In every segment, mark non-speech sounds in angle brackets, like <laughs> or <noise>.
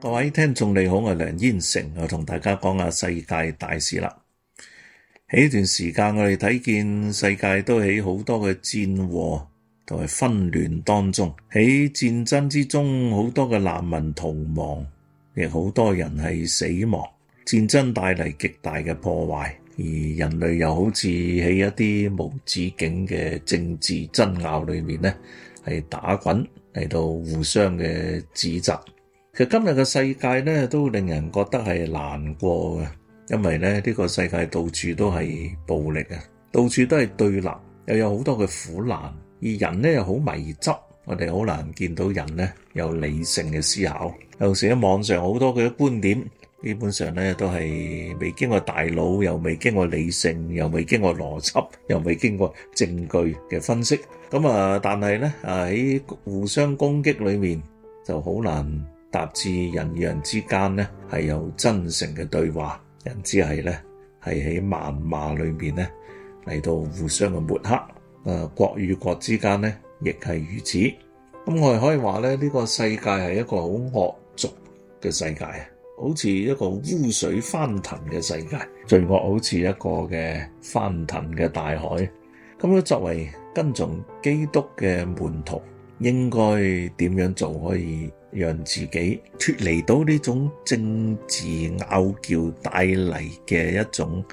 各位聽眾你好，我係梁燕成，我同大家講下世界大事啦。喺呢段時間，我哋睇見世界都喺好多嘅戰禍同埋紛亂當中。喺戰爭之中，好多嘅難民逃亡，亦好多人係死亡。戰爭帶嚟極大嘅破壞，而人類又好似喺一啲無止境嘅政治爭拗裏面呢，係打滾，嚟到互相嘅指責。今日嘅世界咧，都令人覺得係難過嘅，因為咧呢個世界到處都係暴力啊，到處都係對立，又有好多嘅苦難。而人咧又好迷執，我哋好難見到人咧有理性嘅思考。有時喺網上好多嘅觀點，基本上咧都係未經過大腦，又未經過理性，又未經過邏輯，又未經過證據嘅分析。咁啊，但係咧喺互相攻擊裏面就好難。達至人與人之間咧係有真誠嘅對話，人之係咧係喺謾罵裏面咧嚟到互相嘅抹黑。呃，國與國之間咧亦係如此。咁我哋可以話咧，呢個世界係一個好惡俗嘅世界，好似一個污水翻騰嘅世界，罪惡好似一個嘅翻騰嘅大海。咁咧作為跟從基督嘅門徒，應該點樣做可以讓自己脫離到呢種政治拗撬帶嚟嘅一種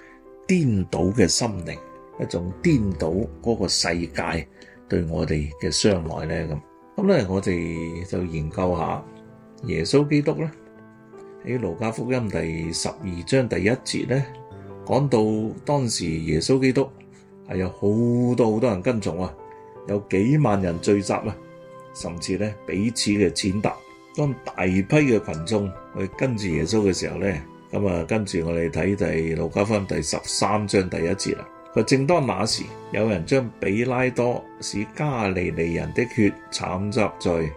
顛倒嘅心靈，一種顛倒嗰個世界對我哋嘅傷害呢？那咁我哋就研究一下耶穌基督呢喺《路加福音》第十二章第一節呢，講到當時耶穌基督係有好多好多人跟從啊，有幾萬人聚集啊。甚至咧彼此嘅踐踏。當大批嘅群眾去跟住耶穌嘅時候咧，咁啊跟住我哋睇第路加福音第十三章第一節啦。佢正當那時，有人將比拉多使加利利人的血摻雜在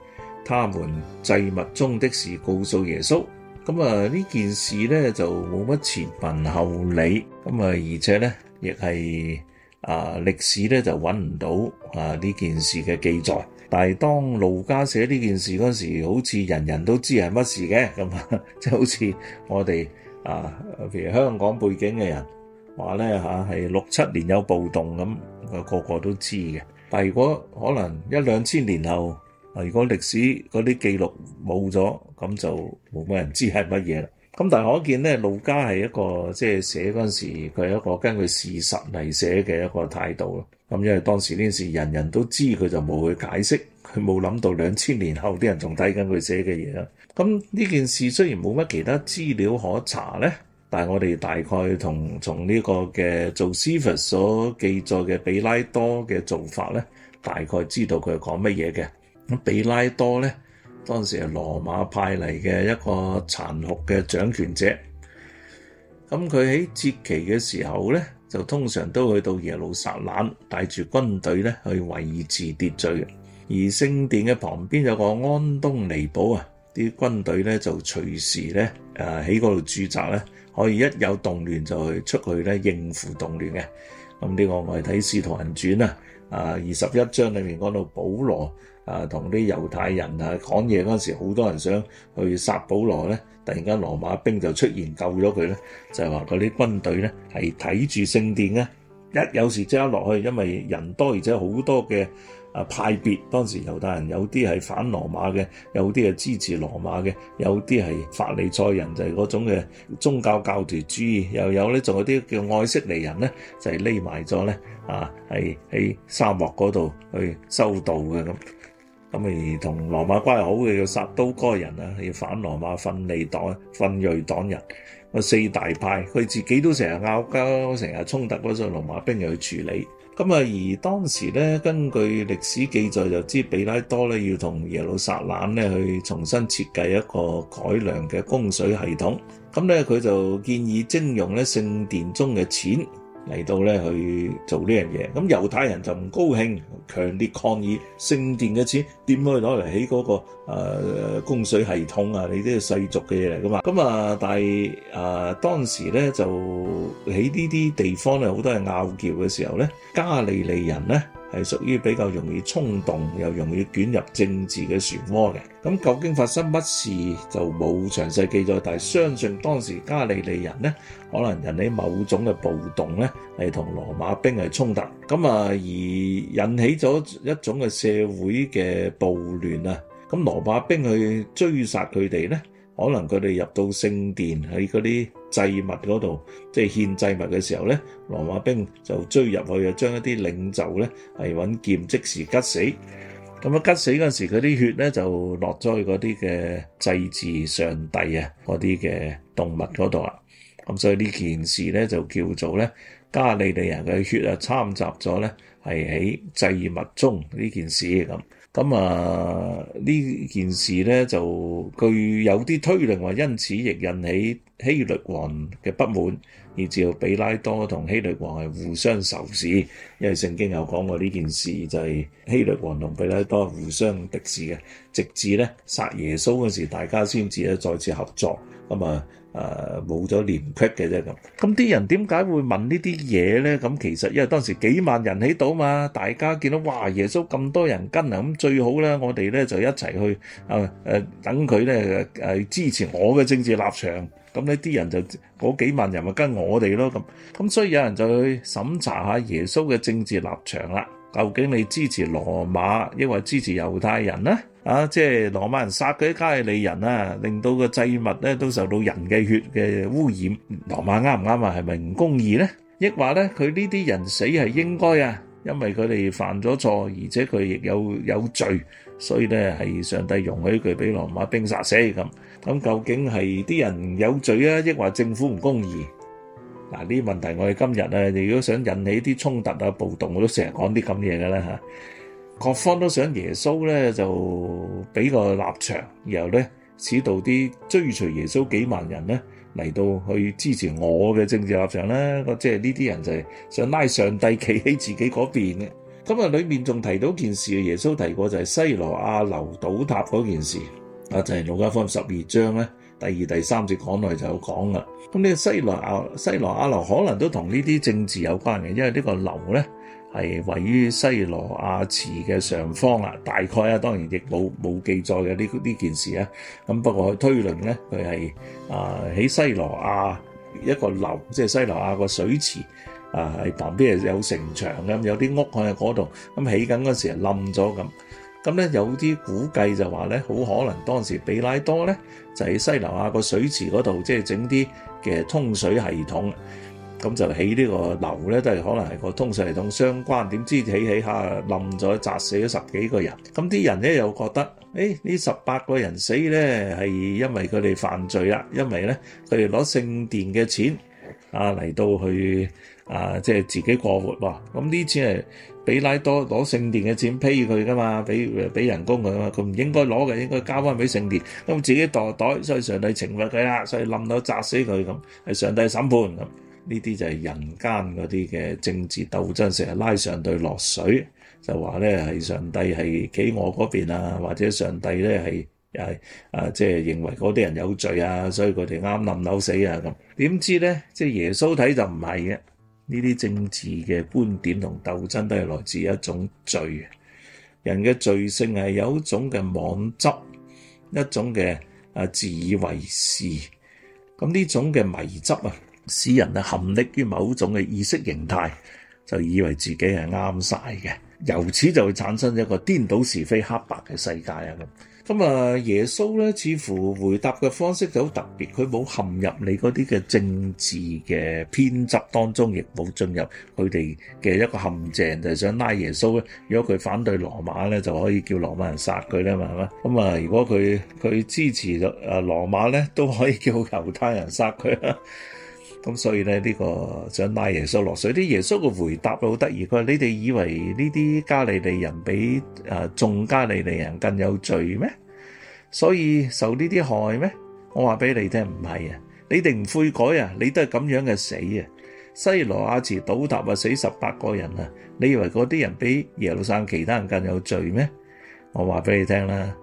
他們祭物中的事告訴耶穌。咁啊呢件事咧就冇乜前文後理，咁啊而且咧亦係啊歷史咧就揾唔到啊呢件事嘅記載。但係當盧家寫呢件事嗰時，好似人人都知係乜事嘅咁啊！即 <laughs> 係好似我哋啊，譬如香港背景嘅人話咧嚇，係、啊、六七年有暴動咁，咁個個都知嘅。但係如果可能一兩千年後，啊、如果歷史嗰啲記錄冇咗，咁就冇乜人知係乜嘢啦。咁但係可見咧，盧家係一個即係、就是、寫嗰陣時，佢係一個根據事實嚟寫嘅一個態度咯。咁因為當時呢件事人人都知，佢就冇去解釋，佢冇諗到兩千年後啲人仲睇緊佢寫嘅嘢。咁呢件事雖然冇乜其他資料可查咧，但係我哋大概同從呢個嘅約瑟夫所記載嘅比拉多嘅做法咧，大概知道佢係講乜嘢嘅。咁比拉多咧，當時係羅馬派嚟嘅一個殘酷嘅掌權者。咁佢喺節期嘅時候咧。就通常都去到耶路撒冷，帶住軍隊咧去維持秩序。而聖殿嘅旁邊有個安東尼堡啊，啲軍隊咧就隨時咧誒喺嗰度駐紮咧，可以一有動亂就去出去咧應付動亂嘅。咁呢我係睇《使徒行傳》啊，啊二十一章裏面講到保羅啊同啲猶太人啊講嘢嗰陣時，好多人想去殺保羅咧。突然間，羅馬兵就出現救咗佢咧，就係話嗰啲軍隊咧係睇住聖殿啊，一有時即刻落去，因為人多而且好多嘅啊派別。當時猶太人有啲係反羅馬嘅，有啲係支持羅馬嘅，有啲係法利賽人，就係、是、嗰種嘅宗教教條主義，又有咧仲有啲叫愛色尼人咧，就係匿埋咗咧啊，係喺沙漠嗰度去修道嘅咁。咁而同羅馬關係好嘅要撒都該人啊，要反羅馬憤利黨、奮銳黨人，四大派佢自己都成日拗交，成日衝突嗰陣羅馬兵又去處理。咁啊，而當時咧根據歷史記載就知彼拉多咧要同耶路撒冷咧去重新設計一個改良嘅供水系統。咁咧佢就建議徵用咧聖殿中嘅錢。嚟到咧去做呢樣嘢，咁猶太人就唔高興，強烈抗議聖殿嘅錢點可以攞嚟起嗰個、呃、供水系統啊？你啲係世俗嘅嘢嚟噶嘛？咁啊，但係誒、呃、當時咧就喺呢啲地方咧好多係拗撬嘅時候咧，加利利人咧。係屬於比較容易衝動，又容易捲入政治嘅漩渦嘅。咁究竟發生乜事就冇詳細記載，但係相信當時加利利人呢，可能引起某種嘅暴動呢係同羅馬兵係衝突，咁啊而引起咗一種嘅社會嘅暴亂啊。咁羅馬兵去追殺佢哋呢，可能佢哋入到聖殿喺嗰啲。祭物嗰度，即係獻祭物嘅時候咧，羅馬兵就追入去啊，將一啲領袖咧係揾劍即時吉死。咁啊吉死嗰時，佢啲血咧就落咗去嗰啲嘅祭祀上帝啊嗰啲嘅動物嗰度啦。咁所以呢件事咧就叫做咧加利利人嘅血啊，參雜咗咧係喺祭物中呢件事咁。咁啊呢件事咧就具有啲推論，話因此亦引起。希律王嘅不滿，而至到比拉多同希律王係互相仇視，因為聖經有講過呢件事，就係希律王同比拉多互相敵視嘅，直至咧殺耶穌嗰時，大家先至咧再次合作咁啊。誒冇咗廉級嘅啫咁。咁啲人點解會問呢啲嘢咧？咁其實因為當時幾萬人喺度嘛，大家見到哇，耶穌咁多人跟啊，咁最好咧，我哋咧就一齊去啊誒等佢咧誒支持我嘅政治立場。咁呢啲人就嗰幾萬人咪跟我哋咯咁，咁所以有人就去審查下耶穌嘅政治立場啦。究竟你支持羅馬，抑或支持猶太人呢？啊，即係羅馬人殺佢啲加利利人啊，令到個祭物咧都受到人嘅血嘅污染。羅馬啱唔啱啊？係咪唔公義咧？抑或咧佢呢啲人死係應該啊？因為佢哋犯咗錯，而且佢亦有有罪，所以咧係上帝容許佢俾羅馬兵殺死咁。咁究竟係啲人有罪啊，抑或政府唔公義？嗱，呢啲問題我哋今日啊，如果想引起啲衝突啊、暴動，我都成日講啲咁嘢㗎啦嚇。各方都想耶穌咧就俾個立場，然後咧指導啲追隨耶穌幾萬人咧嚟到去支持我嘅政治立場啦。即係呢啲人就係想拉上帝企喺自己嗰邊嘅。咁啊，裏面仲提到件事啊，耶穌提過就係西羅亞樓倒塌嗰件事。啊，就係《路加福音》十二章咧，第二、第三節講內就有講啦。咁呢個西羅亞、西羅亞樓可能都同呢啲政治有關嘅，因為呢個樓呢個樓咧係位於西羅亞池嘅上方啦。大概啊，當然亦冇冇記載嘅呢呢件事啊。咁不過佢推論咧，佢係啊喺西羅亞一個樓即係西羅亞個水池啊，係旁邊係有城牆咁，有啲屋喺嗰度。咁、啊、起緊嗰時冧咗咁。咁咧有啲估計就話咧，好可能當時比拉多咧就喺、是、西樓下個水池嗰度，即係整啲嘅通水系統，咁就起呢個樓咧都係可能係個通水系統相關。點知起起下冧咗，砸死咗十幾個人。咁啲人咧又覺得，誒呢十八個人死咧係因為佢哋犯罪啦，因為咧佢哋攞聖殿嘅錢啊嚟到去啊即係、就是、自己過活喎。咁呢錢錢係。俾拉多攞聖殿嘅錢批佢噶嘛，俾俾人工佢啊，佢唔應該攞嘅，應該交翻俾聖殿。咁自己袋袋，所以上帝懲罰佢啦，所以冧樓砸死佢咁，係上帝審判咁。呢啲就係人間嗰啲嘅政治鬥爭，成日拉上帝落水，就話咧係上帝係企我嗰邊啊，或者上帝咧係誒啊，即係認為嗰啲人有罪啊，所以佢哋啱冧樓死啊咁。點知咧，即係耶穌睇就唔係嘅。呢啲政治嘅觀點同鬥爭都係來自一種罪，人嘅罪性係有一種嘅妄執，一種嘅啊自以為是，咁呢種嘅迷執啊，使人啊陷溺於某種嘅意識形態，就以為自己係啱晒嘅，由此就會產生一個顛倒是非黑白嘅世界啊！咁啊，耶穌咧，似乎回答嘅方式就好特別，佢冇陷入你嗰啲嘅政治嘅編輯當中，亦冇進入佢哋嘅一個陷阱，就係、是、想拉耶穌咧。如果佢反對羅馬咧，就可以叫羅馬人殺佢啦嘛，係嘛？咁啊，如果佢佢支持誒羅馬咧，都可以叫猶太人殺佢啦。咁所以咧呢、呢個想拉耶穌落水啲，耶穌嘅回答好得意，佢話：你哋以為呢啲加利利人比誒眾、呃、加利利人更有罪咩？所以受呢啲害咩？我話俾你聽唔係啊！你哋唔悔改啊，你都係咁樣嘅死啊！西羅亞池倒塌啊，死十八個人啊！你以為嗰啲人比耶路撒冷其他人更有罪咩？我話俾你聽啦，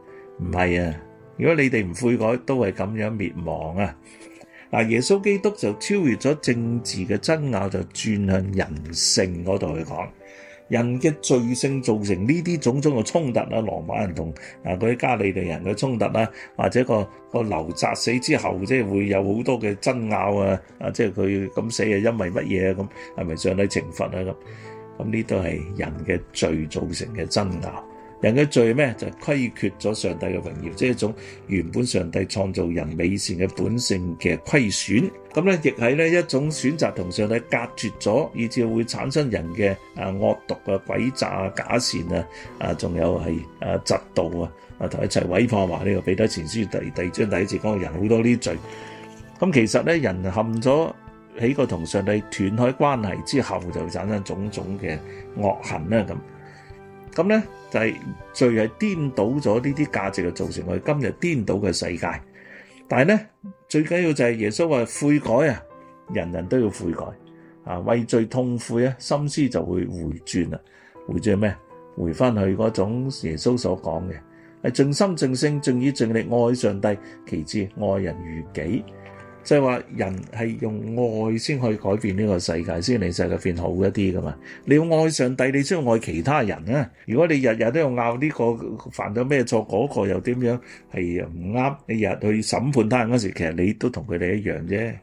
唔係啊！如果你哋唔悔改，都係咁樣滅亡啊！嗱，耶穌基督就超越咗政治嘅爭拗，就轉向人性嗰度去講，人嘅罪性造成呢啲種種嘅衝突啦，羅馬人同啊啲加利利人嘅衝突啦，或者個個流澤死之後，即係會有好多嘅爭拗啊！啊，即係佢咁死係因為乜嘢啊？咁係咪上帝懲罰啊？咁咁呢都係人嘅罪造成嘅爭拗。人嘅罪咩？就虧缺咗上帝嘅榮耀，即係一種原本上帝創造人美善嘅本性嘅虧損。咁咧，亦係咧一種選擇同上帝隔絕咗，以致會產生人嘅啊惡毒啊詭詐假善啊啊，仲有係啊嫉妒啊啊，同、啊、一切毀謗話呢個彼得前書第第二章第一次講嘅人好多呢罪。咁其實咧，人陷咗喺個同上帝斷開關係之後，就會產生種種嘅惡行咁。咁咧就係罪，係顛倒咗呢啲價值，就造成我哋今日顛倒嘅世界。但係咧，最緊要就係耶穌話悔改啊，人人都要悔改啊，畏罪痛悔啊，心思就會回轉啊。回轉係咩？回翻去嗰種耶穌所講嘅係盡心盡性盡意盡力愛上帝，其次愛人如己。就係話人係用愛先去改變呢個世界，先令世界變好一啲噶嘛。你要愛上帝，你先要愛其他人啊！如果你日日都要拗呢個犯咗咩錯，嗰個又點樣係唔啱，你日去審判他人嗰時，其實你都同佢哋一樣啫。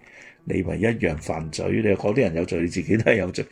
你咪一樣犯罪，你嗰啲人有罪，你自己都係有罪。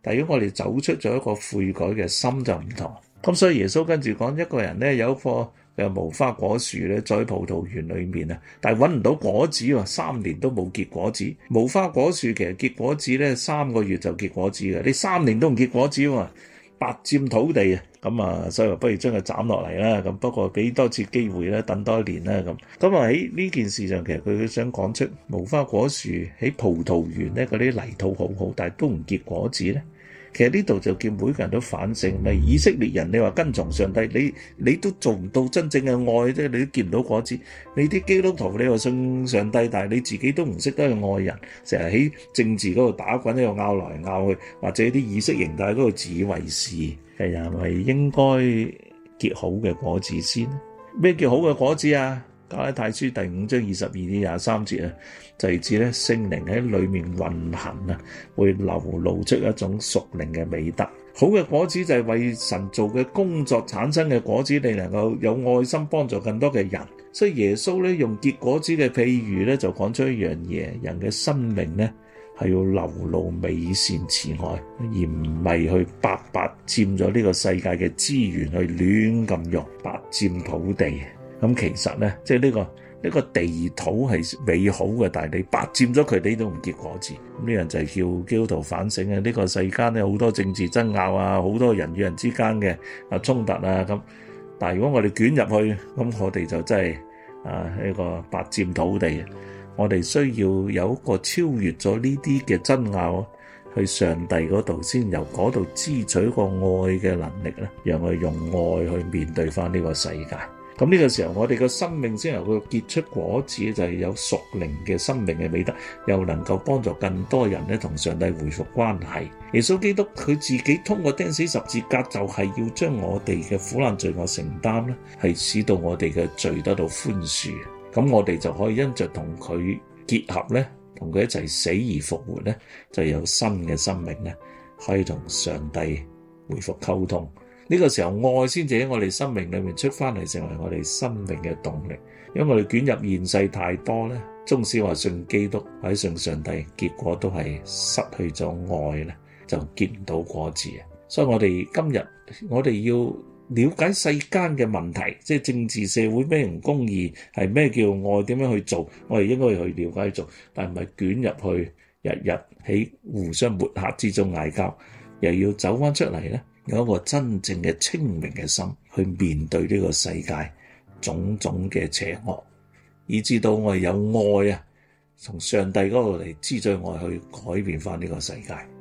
但係如果我哋走出咗一個悔改嘅心，就唔同。咁所以耶穌跟住講一個人咧，有一個。哎無花果樹咧，在葡萄園裏面啊，但係揾唔到果子喎，三年都冇結果子。無花果樹其實結果子咧，三個月就結果子嘅，你三年都唔結果子啊，白佔土地啊，咁啊，所以不如將佢斬落嚟啦。咁不過俾多次機會啦，等多一年啦咁。咁啊喺呢件事上，其實佢想講出無花果樹喺葡萄園咧，嗰啲泥土好好，但係都唔結果子咧。其實呢度就叫每個人都反省，咪以色列人，你話跟從上帝，你你都做唔到真正嘅愛啫，你都見唔到果子。你啲基督徒你又信上帝，但係你自己都唔識得去愛人，成日喺政治嗰度打滾，喺度拗來拗去，或者啲意識形態嗰度自以為是，係咪應該結好嘅果子先？咩叫好嘅果子啊？加拉太書第五章二十二至廿三節啊，就係指咧聖靈喺裏面運行啊，會流露出一種屬靈嘅美德。好嘅果子就係為神做嘅工作產生嘅果子，你能夠有愛心幫助更多嘅人。所以耶穌咧用結果子嘅譬喻咧，就講出一樣嘢：人嘅生命咧係要流露美善慈愛，而唔係去白白佔咗呢個世界嘅資源，去亂咁用，白佔土地。咁其實咧，即係、這、呢個呢、這個地土係美好嘅，但係你白佔咗佢哋都唔結果子。咁呢樣就係叫基督徒反省啊！呢、這個世間咧好多政治爭拗啊，好多人與人之間嘅啊衝突啊咁。但係如果我哋捲入去，咁我哋就真係啊呢、這個白佔土地。我哋需要有一個超越咗呢啲嘅爭拗，去上帝嗰度先由嗰度支取個愛嘅能力咧，讓佢用愛去面對翻呢個世界。咁呢個時候，我哋嘅生命先由佢結出果子，就係、是、有屬靈嘅生命嘅美德，又能夠幫助更多人呢，同上帝回復關係。耶穌基督佢自己通過釘死十字架，就係、是、要將我哋嘅苦難罪惡承擔呢，係使到我哋嘅罪得到寬恕。咁我哋就可以因着同佢結合呢，同佢一齊死而復活呢，就有新嘅生命呢，可以同上帝回復溝通。呢個時候愛先至喺我哋生命裏面出翻嚟，成為我哋生命嘅動力。因為我哋捲入現世太多呢，縱使話信基督或者信上帝，結果都係失去咗愛呢，就結唔到果子。所以我哋今日我哋要了解世間嘅問題，即係政治社會咩唔公義，係咩叫愛，點樣去做，我哋應該去了解去做，但唔係捲入去日日喺互相抹黑之中嗌交，又要走翻出嚟呢。有一個真正嘅清明嘅心去面對呢個世界種種嘅邪惡，以至到我哋有愛啊，從上帝嗰度嚟滋長愛去改變返呢個世界。